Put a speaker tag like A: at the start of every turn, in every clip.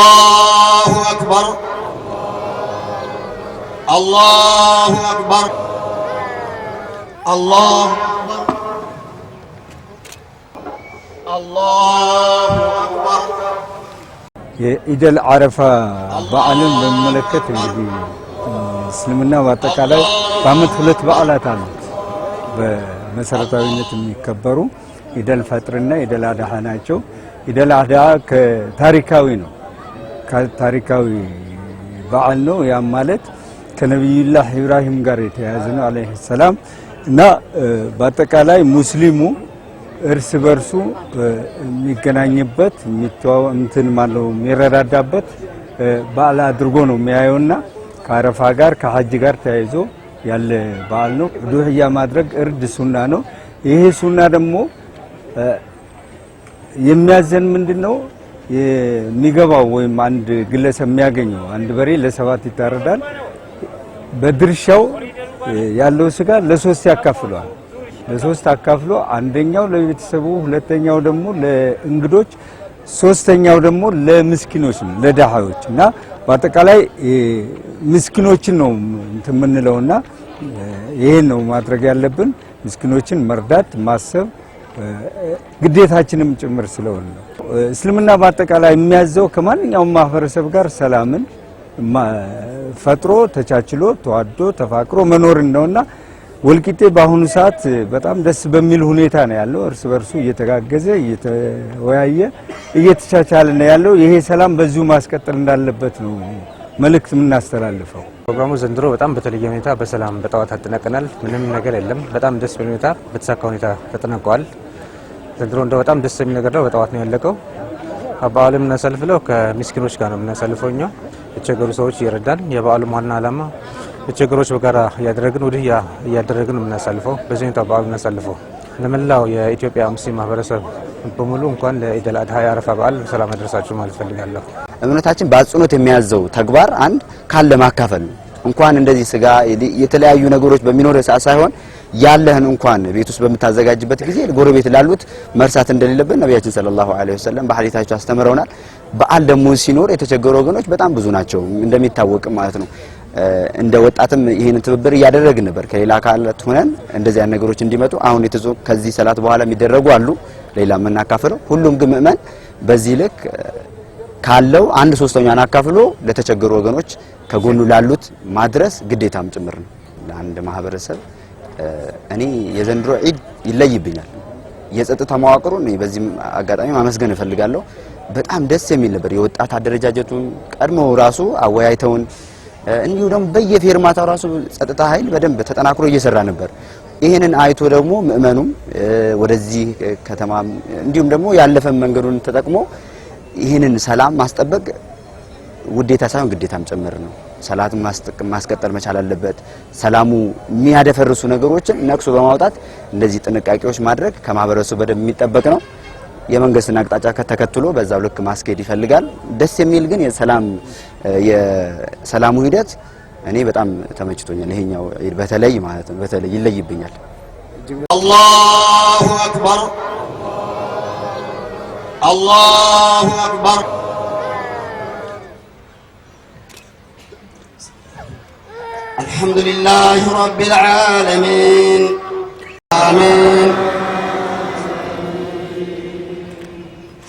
A: አላሁ አክበር አላሁ አክበር አላሁ
B: የኢደል አረፋ በዓልን በሚመለከት እንግዲህ እስልምና በአጠቃላይ በአመት ሁለት በዓላት አሉት በመሰረታዊነት የሚከበሩ ኢደል ፈጥርና ኢደል አድሃ ናቸው። ኢደል አድሃ ታሪካዊ ነው። ታሪካዊ በዓል ነው። ያም ማለት ከነቢዩላህ ኢብራሂም ጋር የተያያዘ ነው አለይሂ ሰላም እና በአጠቃላይ ሙስሊሙ እርስ በርሱ የሚገናኝበት እንትን ማለው የሚረዳዳበት በዓል አድርጎ ነው የሚያየውና ከአረፋ ጋር ከሀጅ ጋር ተያይዞ ያለ በዓል ነው። ዱህያ ማድረግ እርድ ሱና ነው። ይሄ ሱና ደግሞ የሚያዘን ምንድን ነው? የሚገባው ወይም አንድ ግለሰብ የሚያገኘው አንድ በሬ ለሰባት ይታረዳል። በድርሻው ያለው ስጋ ለሶስት ያካፍለዋል። ለሶስት አካፍሎ አንደኛው ለቤተሰቡ፣ ሁለተኛው ደግሞ ለእንግዶች፣ ሶስተኛው ደግሞ ለምስኪኖች ነው ለድሃዮች እና በአጠቃላይ ምስኪኖችን ነው እንትን የምንለውና ይህን ነው ማድረግ ያለብን ምስኪኖችን መርዳት ማሰብ ግዴታችንም ጭምር ስለሆነ ነው። እስልምና በአጠቃላይ የሚያዘው ከማንኛውም ማህበረሰብ ጋር ሰላምን ፈጥሮ ተቻችሎ ተዋዶ ተፋቅሮ መኖርን ነውና ወልቂጤ በአሁኑ ሰዓት በጣም ደስ በሚል ሁኔታ ነው ያለው። እርስ በርሱ እየተጋገዘ እየተወያየ እየተቻቻለ ነው ያለው። ይሄ ሰላም በዚሁ ማስቀጠል እንዳለበት ነው መልእክት የምናስተላልፈው።
C: ፕሮግራሙ ዘንድሮ በጣም በተለየ ሁኔታ በሰላም በጠዋት አጠናቀናል። ምንም ነገር የለም። በጣም ደስ የሚል ሁኔታ በተሳካ ሁኔታ ተጠናቀዋል። ዘንድሮ እንደ በጣም ደስ የሚል ነገር ነው። በጠዋት ነው ያለቀው። በዓሉ የምናሳልፍለው ከሚስኪኖች ጋር ነው የምናሳልፈው። እኛ የተቸገሩ ሰዎች እየረዳን የበዓሉ ዋና ዓላማ የተቸገሮች በጋራ እያደረግን ወዲህ እያደረግን የምናሳልፈው በዚህ ሁኔታ በዓሉ የምናሳልፈው። ለመላው የኢትዮጵያ ሙስሊም ማህበረሰብ በሙሉ እንኳን ለኢድ አድሃ የአረፋ በዓል ሰላም አደረሳችሁ ማለት ፈልጋለሁ።
D: እምነታችን በአጽንኦት የሚያዘው ተግባር አንድ ካለ ማካፈል ነው። እንኳን እንደዚህ ስጋ የተለያዩ ነገሮች በሚኖር ሰዓት ሳይሆን ያለህን እንኳን ቤት ውስጥ በምታዘጋጅበት ጊዜ ጎረቤት ላሉት መርሳት እንደሌለብን ነቢያችን ሰለላሁ ዐለይሂ ወሰለም በሐዲታቸው አስተምረውናል። በዓል ደግሞ ሲኖር የተቸገሩ ወገኖች በጣም ብዙ ናቸው እንደሚታወቅ ማለት ነው። እንደ ወጣትም ይህንን ትብብር እያደረግን ነበር። ከሌላ አካላት ሆነን እንደዚህ ነገሮች እንዲመጡ አሁን ከዚህ ሰላት በኋላ የሚደረጉ አሉ፣ ሌላ የምናካፍለው ሁሉም ግን ምእመን በዚህ ልክ ካለው አንድ ሶስተኛን አካፍሎ ለተቸገሩ ወገኖች ከጎኑ ላሉት ማድረስ ግዴታም ጭምር ነው። ለአንድ ማህበረሰብ እኔ የዘንድሮ ዒድ ይለይብኛል። የጸጥታ መዋቅሩን በዚህ አጋጣሚ ማመስገን እፈልጋለሁ። በጣም ደስ የሚል ነበር። የወጣት አደረጃጀቱን ቀድሞ ራሱ አወያይተውን እንዲሁ ደግሞ በየፌርማታው ራሱ ጸጥታ ኃይል በደንብ ተጠናክሮ እየሰራ ነበር። ይህንን አይቶ ደግሞ ምእመኑም ወደዚህ ከተማ እንዲሁም ደግሞ ያለፈን መንገዱን ተጠቅሞ ይህንን ሰላም ማስጠበቅ ውዴታ ሳይሆን ግዴታም ጭምር ነው። ሰላትን ማስቀጠል መቻል አለበት። ሰላሙ የሚያደፈርሱ ነገሮችን ነቅሶ በማውጣት እንደዚህ ጥንቃቄዎች ማድረግ ከማህበረሰቡ በደንብ የሚጠበቅ ነው። የመንግስትን አቅጣጫ ከተከትሎ በዛው ልክ ማስኬድ ይፈልጋል። ደስ የሚል ግን የሰላሙ ሂደት እኔ በጣም ተመችቶኛል። ይሄኛው በተለይ ማለት ነው በተለይ ይለይብኛል።
A: አላሁ አክበር الله أكبر الحمد لله رب العالمين آمين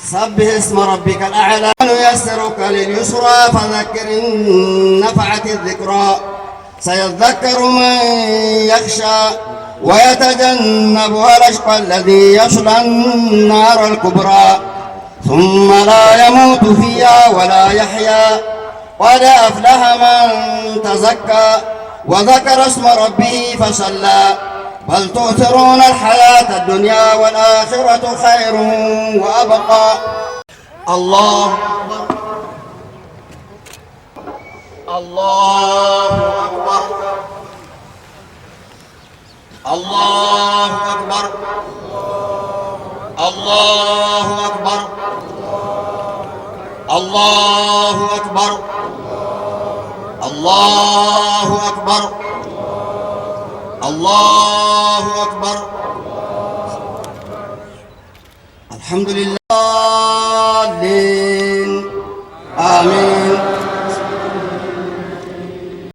A: سبح اسم ربك الأعلى نيسرك لليسرى فذكر إن نفعت الذكرى سيذكر من يخشى ويتجنبها الأشقى الذي يصلى النار الكبرى ثم لا يموت فيها ولا يحيا قد أفلح من تزكى وذكر اسم ربه فصلى بل تؤثرون الحياة الدنيا والآخرة خير وأبقى الله أكبر الله أكبر الله أكبر الله আল্লাহ আকবর আল্লাহ আকবর আল্লাহ আকবর আলহামদুলিল্লাহ আমিন